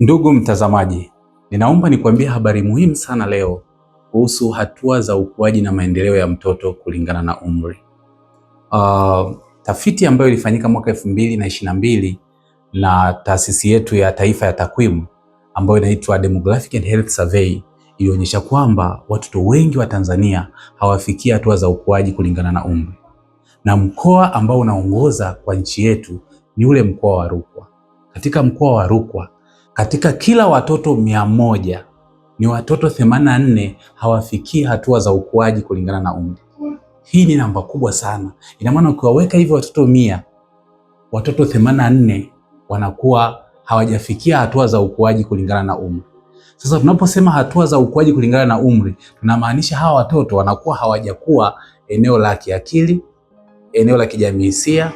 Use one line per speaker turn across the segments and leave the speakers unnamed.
Ndugu mtazamaji, ninaomba nikuambie habari muhimu sana leo kuhusu hatua za ukuaji na maendeleo ya mtoto kulingana na umri. Uh, tafiti ambayo ilifanyika mwaka elfu mbili na ishirini na mbili na taasisi yetu ya taifa ya takwimu ambayo inaitwa Demographic and Health Survey ilionyesha kwamba watoto wengi wa Tanzania hawafikia hatua za ukuaji kulingana na umri, na mkoa ambao unaongoza kwa nchi yetu ni ule mkoa wa Rukwa. Katika mkoa wa Rukwa katika kila watoto mia moja ni watoto 84 hawafikii hatua za ukuaji kulingana na umri. Hii ni namba kubwa sana. Ina maana ukiwaweka hivyo watoto mia, watoto 84 wanakuwa hawajafikia hatua za ukuaji kulingana na umri. Sasa tunaposema hatua za ukuaji kulingana na umri, tunamaanisha hawa watoto wanakuwa hawajakuwa eneo la kiakili, eneo la kijamiisia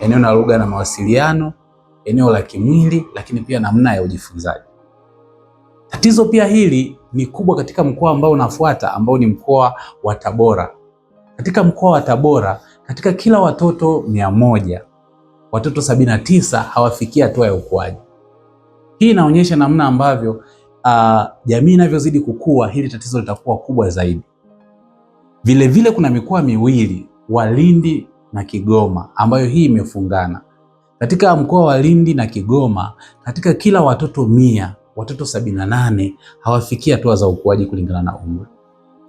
eneo la lugha na mawasiliano eneo la kimwili, lakini pia namna ya ujifunzaji. Tatizo pia hili ni kubwa katika mkoa ambao unafuata ambao ni mkoa wa Tabora. Katika mkoa wa Tabora, katika kila watoto mia moja watoto sabini na tisa hawafikii hatua ya ukuaji. Hii inaonyesha namna ambavyo ah, jamii inavyozidi kukua, hili tatizo litakuwa kubwa zaidi. Vilevile vile kuna mikoa miwili wa Lindi na Kigoma ambayo hii imefungana katika mkoa wa Lindi na Kigoma, katika kila watoto mia watoto 78 hawafikia hatua za ukuaji kulingana na umri.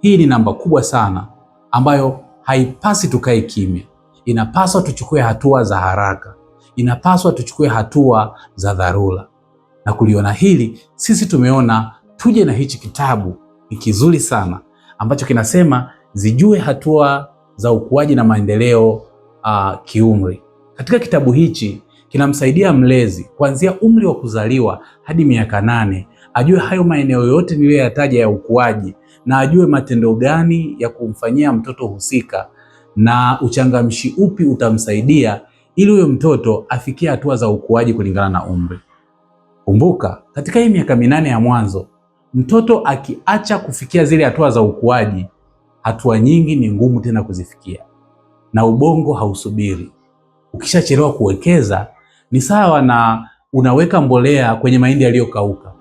Hii ni namba kubwa sana ambayo haipasi tukae kimya, inapaswa tuchukue hatua za haraka, inapaswa tuchukue hatua za dharura. Na kuliona hili, sisi tumeona tuje na hichi kitabu, ni kizuri sana ambacho kinasema zijue hatua za ukuaji na maendeleo uh, kiumri katika kitabu hichi kinamsaidia mlezi kuanzia umri wa kuzaliwa hadi miaka nane ajue hayo maeneo yote niliyoyataja ya ukuaji, na ajue matendo gani ya kumfanyia mtoto husika na uchangamshi upi utamsaidia ili huyo mtoto afikie hatua za ukuaji kulingana na umri. Kumbuka, katika hii miaka minane ya mwanzo mtoto akiacha kufikia zile hatua za ukuaji, hatua nyingi ni ngumu tena kuzifikia, na ubongo hausubiri ukishachelewa kuwekeza ni sawa na unaweka mbolea kwenye mahindi yaliyokauka.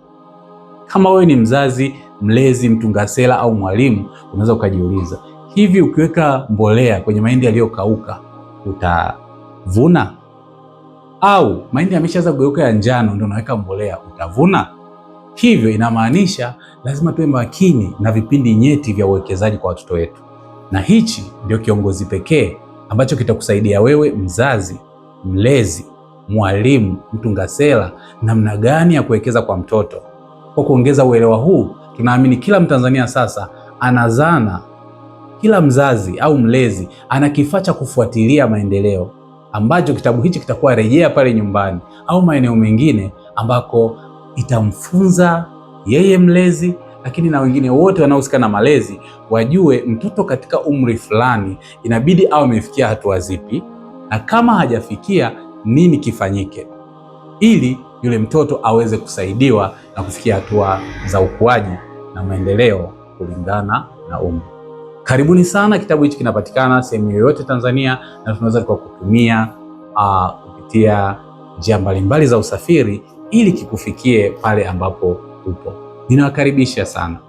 Kama wewe ni mzazi, mlezi, mtunga sera au mwalimu, unaweza ukajiuliza hivi, ukiweka mbolea kwenye mahindi yaliyokauka utavuna? Au mahindi yameshaanza kugeuka ya njano, ndio unaweka mbolea, utavuna? Hivyo inamaanisha lazima tuwe makini na vipindi nyeti vya uwekezaji kwa watoto wetu, na hichi ndio kiongozi pekee ambacho kitakusaidia wewe mzazi, mlezi, mwalimu, mtunga sera, namna gani ya kuwekeza kwa mtoto. Kwa kuongeza uelewa huu, tunaamini kila Mtanzania sasa anazana, kila mzazi au mlezi ana kifaa cha kufuatilia maendeleo ambacho kitabu hichi kitakuwa rejea pale nyumbani au maeneo mengine ambako itamfunza yeye mlezi lakini na wengine wote wanaohusika na malezi wajue mtoto katika umri fulani inabidi au amefikia hatua zipi, na kama hajafikia nini kifanyike, ili yule mtoto aweze kusaidiwa na kufikia hatua za ukuaji na maendeleo kulingana na umri. Karibuni sana. Kitabu hichi kinapatikana sehemu yoyote Tanzania, na tunaweza kutumia uh, ah, kupitia njia mbalimbali za usafiri ili kikufikie pale ambapo upo ninawakaribisha sana.